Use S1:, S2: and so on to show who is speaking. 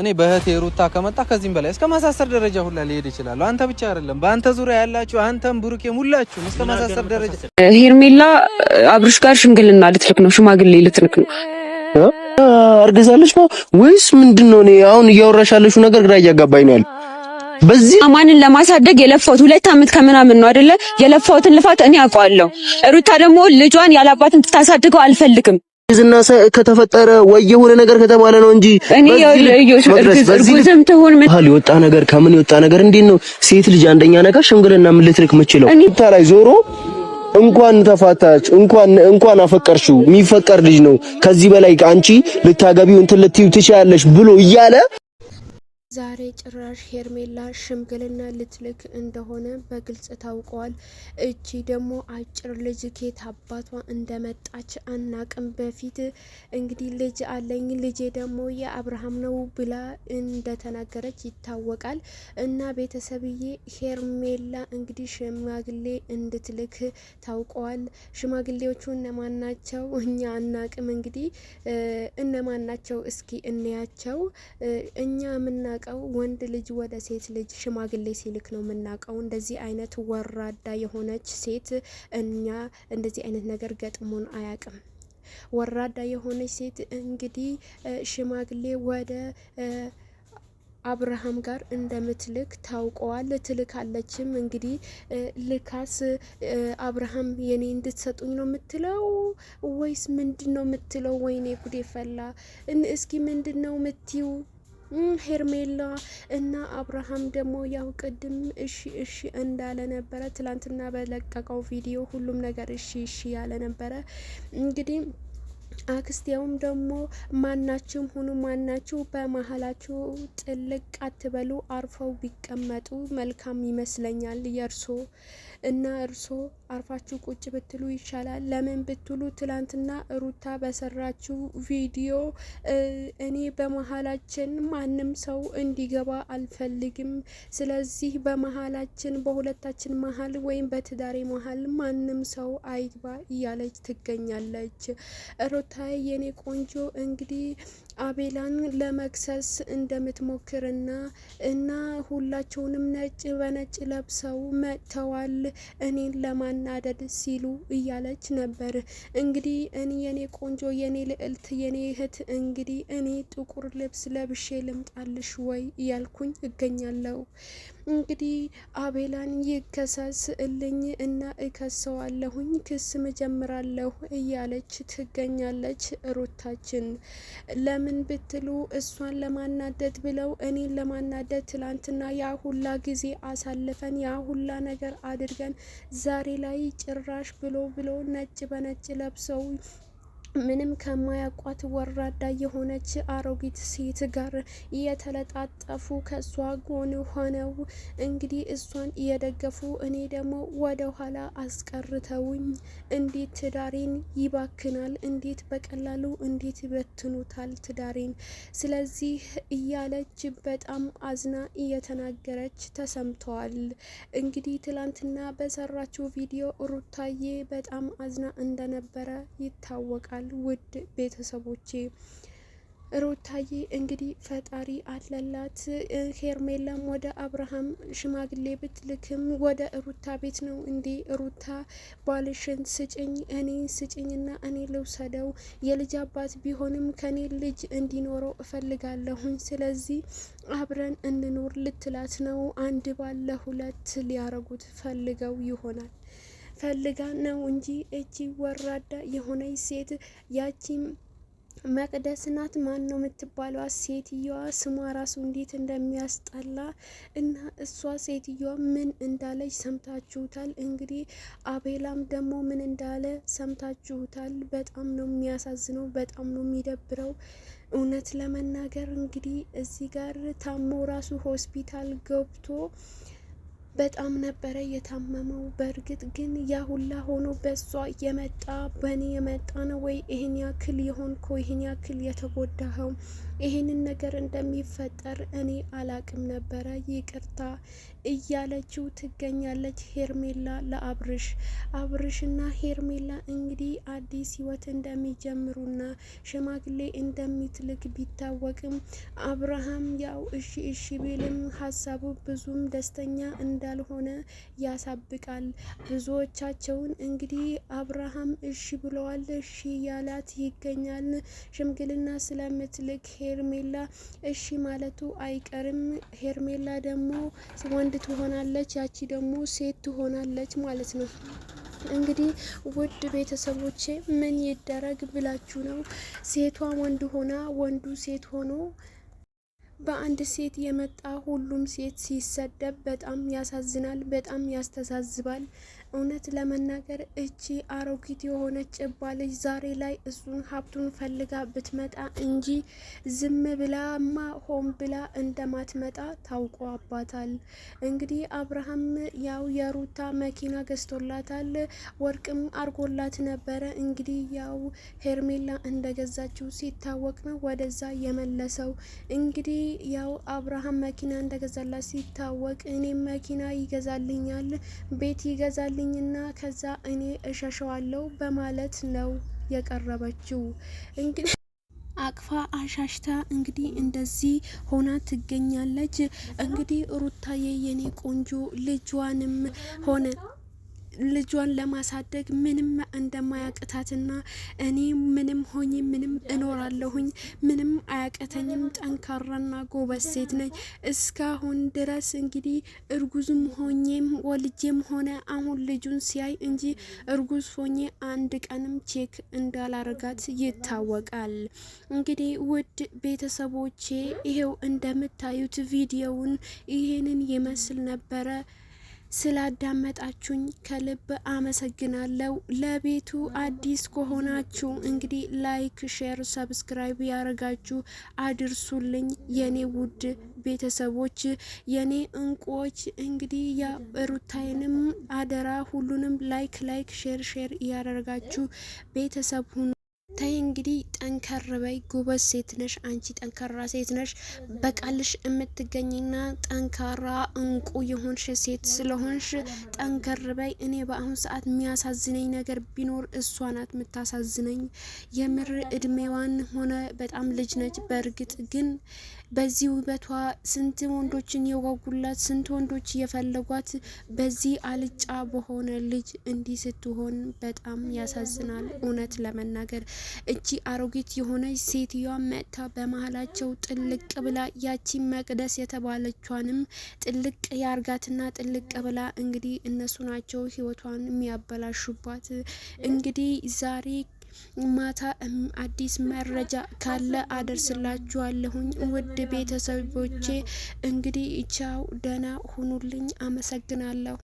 S1: እኔ በእህቴ ሩታ ከመጣ ከዚህም በላይ እስከ ማሳሰር ደረጃ ሁላ ሊሄድ ይችላል። አንተ ብቻ አይደለም፣ በአንተ ዙሪያ ያላችሁ አንተም፣ ብሩኬም ሁላችሁም እስከ ማሳሰር ደረጃ።
S2: ሄርሜላ አብርሽ ጋር ሽምግልና ልትልክ ነው፣ ሽማግሌ ልትልክ ነው።
S3: እርግዛለች ነው ወይስ ምንድን ነው? እኔ አሁን እያወራሽ ነገር ግራ እያጋባኝ ነው ያለ
S2: በዚህ አማንን ለማሳደግ የለፋሁት ሁለት አመት ከምናምን ነው አይደለ? የለፋሁትን ልፋት እኔ አውቀዋለሁ። ሩታ ደግሞ ልጇን ያላባትን ትታሳድገው አልፈልግም
S3: ዝና ከተፈጠረ ወይ የሆነ ነገር ከተባለ ነው እንጂ እኔ የወጣ ነገር ከምን የወጣ ነገር እንዴት ነው ሴት ልጅ አንደኛ ነገር ሽምግልና ምን ልትርክ የምችለው ታላይ ዞሮ እንኳን ተፋታች እንኳን እንኳን አፈቀርሽው የሚፈቀር ልጅ ነው ከዚህ በላይ አንቺ ልታገቢው እንትን ልትይው ትችያለሽ ብሎ እያለ
S2: ዛሬ ጭራሽ ሄርሜላ ሽምግልና ልትልክ እንደሆነ በግልጽ ታውቀዋል። እቺ ደግሞ አጭር ልጅ ኬት አባቷ እንደመጣች አናቅም። በፊት እንግዲህ ልጅ አለኝ ልጄ ደግሞ የአብርሃም ነው ብላ እንደተናገረች ይታወቃል። እና ቤተሰብዬ ሄርሜላ እንግዲህ ሽማግሌ እንድትልክ ታውቀዋል። ሽማግሌዎቹ እነማን ናቸው? እኛ አናቅም። እንግዲህ እነማን ናቸው? እስኪ እንያቸው እኛ ምና የምናቀው ወንድ ልጅ ወደ ሴት ልጅ ሽማግሌ ሲልክ ነው የምናውቀው። እንደዚህ አይነት ወራዳ የሆነች ሴት እኛ እንደዚህ አይነት ነገር ገጥሞን አያቅም። ወራዳ የሆነች ሴት እንግዲህ ሽማግሌ ወደ አብርሃም ጋር እንደምትልክ ታውቀዋል። ትልካለችም እንግዲህ ልካስ አብርሃም የኔ እንድትሰጡኝ ነው የምትለው ወይስ ምንድን ነው የምትለው? ወይኔ ጉዴ ፈላ። እስኪ ምንድን ነው ምትዩ? ሄርሜላ እና አብርሃም ደግሞ ያው ቅድም እሺ እሺ እንዳለ ነበረ። ትላንትና በለቀቀው ቪዲዮ ሁሉም ነገር እሺ እሺ ያለ ነበረ። እንግዲህ አክስቴውም ደግሞ ማናችሁም ሁኑ ማናችሁ በመሀላችሁ ጥልቅ አትበሉ፣ አርፈው ቢቀመጡ መልካም ይመስለኛል የእርሶ እና እርሶ አርፋችሁ ቁጭ ብትሉ ይሻላል። ለምን ብትሉ ትላንትና ሩታ በሰራችው ቪዲዮ እኔ በመሀላችን ማንም ሰው እንዲገባ አልፈልግም፣ ስለዚህ በመሀላችን በሁለታችን መሀል ወይም በትዳሬ መሀል ማንም ሰው አይግባ እያለች ትገኛለች። ሩታ የኔ ቆንጆ እንግዲህ አቤላን ለመክሰስ እንደምትሞክርና እና ሁላቸውንም ነጭ በነጭ ለብሰው መጥተዋል እኔን ለማን ለመናደድ ሲሉ እያለች ነበር። እንግዲህ እኔ የኔ ቆንጆ የኔ ልዕልት የኔ እህት እንግዲህ እኔ ጥቁር ልብስ ለብሼ ልምጣልሽ ወይ እያልኩኝ እገኛለሁ። እንግዲህ አቤላን ይከሰስ እልኝ እና እከሰዋለሁኝ ክስ ምጀምራለሁ እያለች ትገኛለች። ሩታችን ለምን ብትሉ እሷን ለማናደድ ብለው እኔን ለማናደድ ትላንትና ያ ሁላ ጊዜ አሳልፈን ያ ሁላ ነገር አድርገን ዛሬ ላይ ላይ ጭራሽ ብሎ ብሎ ነጭ በነጭ ለብሰው ምንም ከማያቋት ወራዳ የሆነች አሮጊት ሴት ጋር እየተለጣጠፉ ከእሷ ጎን ሆነው እንግዲህ እሷን እየደገፉ እኔ ደግሞ ወደ ኋላ አስቀርተውኝ እንዴት ትዳሬን ይባክናል፣ እንዴት በቀላሉ እንዴት ይበትኑታል ትዳሬን። ስለዚህ እያለች በጣም አዝና እየተናገረች ተሰምተዋል። እንግዲህ ትላንትና በሰራችው ቪዲዮ ሩታዬ በጣም አዝና እንደነበረ ይታወቃል። ውድ ቤተሰቦቼ ሩታዬ እንግዲህ ፈጣሪ አለላት። ሄርሜላም ወደ አብርሃም ሽማግሌ ብትልክም ወደ ሩታ ቤት ነው እንዴ? ሩታ ባልሽን ስጭኝ፣ እኔ ስጭኝና እኔ ልውሰደው። የልጅ አባት ቢሆንም ከኔ ልጅ እንዲኖረው እፈልጋለሁኝ። ስለዚህ አብረን እንኖር ልትላት ነው። አንድ ባለ ሁለት ሊያረጉት ፈልገው ይሆናል። ፈልጋ ነው እንጂ እቺ ወራዳ የሆነች ሴት ያቺ መቅደስ ናት ማን ነው የምትባለው? ሴትዮዋ ስሟ ራሱ እንዴት እንደሚያስጠላ እና እሷ ሴትዮዋ ምን እንዳለች ሰምታችሁታል። እንግዲህ አቤላም ደግሞ ምን እንዳለ ሰምታችሁታል። በጣም ነው የሚያሳዝነው፣ በጣም ነው የሚደብረው። እውነት ለመናገር እንግዲህ እዚህ ጋር ታሞ ራሱ ሆስፒታል ገብቶ በጣም ነበረ የታመመው። በእርግጥ ግን ያ ሁላ ሆኖ በሷ የመጣ በእኔ የመጣ ነው ወይ? ይህን ያክል የሆንኮ ይህን ያክል የተጎዳኸው ይህንን ነገር እንደሚፈጠር እኔ አላቅም ነበረ። ይቅርታ እያለችው ትገኛለች ሄርሜላ ለአብርሽ። አብርሽና ሄርሜላ እንግዲህ አዲስ ህይወት እንደሚጀምሩና ሽማግሌ እንደሚትልክ ቢታወቅም አብርሃም ያው እሺ እሺ ቢልም ሀሳቡ ብዙም ደስተኛ እንዳልሆነ ያሳብቃል። ብዙዎቻቸውን እንግዲህ አብርሃም እሺ ብለዋል፣ እሺ ያላት ይገኛል። ሽምግልና ስለምትልክ ሄርሜላ እሺ ማለቱ አይቀርም። ሄርሜላ ደግሞ ወንድ ትሆናለች፣ ያቺ ደግሞ ሴት ትሆናለች ማለት ነው። እንግዲህ ውድ ቤተሰቦቼ ምን ይደረግ ብላችሁ ነው ሴቷ ወንድ ሆና ወንዱ ሴት ሆኖ በአንድ ሴት የመጣ ሁሉም ሴት ሲሰደብ በጣም ያሳዝናል፣ በጣም ያስተሳዝባል። እውነት ለመናገር እቺ አሮጊት የሆነች እባ ልጅ ዛሬ ላይ እሱን ሀብቱን ፈልጋ ብትመጣ እንጂ ዝም ብላማ ሆን ብላ እንደማትመጣ ታውቋባታል። እንግዲህ አብርሃም ያው የሩታ መኪና ገዝቶላታል፣ ወርቅም አርጎላት ነበረ። እንግዲህ ያው ሄርሜላ እንደገዛችው ሲታወቅ ነው ወደዛ የመለሰው እንግዲህ ያው አብርሃም መኪና እንደገዛላት ሲታወቅ እኔ መኪና ይገዛልኛል ቤት ይገዛልኝና ከዛ እኔ እሸሸዋለው በማለት ነው የቀረበችው። እንግዲህ አቅፋ አሻሽታ እንግዲህ እንደዚህ ሆና ትገኛለች። እንግዲህ ሩታዬ የኔ ቆንጆ ልጇንም ሆነ ልጇን ለማሳደግ ምንም እንደማያቅታትና እኔ ምንም ሆኜ ምንም እኖራለሁኝ ምንም አያቀተኝም ጠንካራና ጎበዝ ሴት ነኝ እስካሁን ድረስ እንግዲህ እርጉዝም ሆኜም ወልጄም ሆነ አሁን ልጁን ሲያይ እንጂ እርጉዝ ሆኜ አንድ ቀንም ቼክ እንዳላረጋት ይታወቃል። እንግዲህ ውድ ቤተሰቦቼ ይሄው እንደምታዩት ቪዲዮውን ይሄንን ይመስል ነበረ። ስላዳመጣችሁኝ ከልብ አመሰግናለሁ። ለቤቱ አዲስ ከሆናችሁ እንግዲህ ላይክ፣ ሼር፣ ሰብስክራይብ ያደረጋችሁ አድርሱልኝ የኔ ውድ ቤተሰቦች የኔ እንቁዎች። እንግዲህ የሩታይንም አደራ ሁሉንም ላይክ ላይክ ሼር ሼር እያደረጋችሁ ቤተሰብ ሁኑ። ተይ እንግዲህ ጠንከር በይ ጎበዝ ሴት ነሽ አንቺ ጠንካራ ሴት ነሽ በቃልሽ የምትገኝና ጠንካራ እንቁ የሆንሽ ሴት ስለሆንሽ ጠንከር በይ እኔ በአሁን ሰዓት የሚያሳዝነኝ ነገር ቢኖር እሷ ናት የምታሳዝነኝ የምር እድሜዋን ሆነ በጣም ልጅ ነች በእርግጥ ግን በዚህ ውበቷ ስንት ወንዶችን የጓጉላት፣ ስንት ወንዶች የፈለጓት፣ በዚህ አልጫ በሆነ ልጅ እንዲህ ስትሆን በጣም ያሳዝናል። እውነት ለመናገር እቺ አሮጊት የሆነች ሴትዮዋ መጥታ በመሀላቸው ጥልቅ ብላ ያቺ መቅደስ የተባለቿንም ጥልቅ ያርጋትና ጥልቅ ብላ እንግዲህ እነሱ ናቸው ህይወቷን የሚያበላሹባት እንግዲህ ዛሬ ማታ አዲስ መረጃ ካለ አደርስላችኋለሁኝ። ውድ ቤተሰቦቼ እንግዲህ ቻው፣ ደህና ሁኑልኝ። አመሰግናለሁ።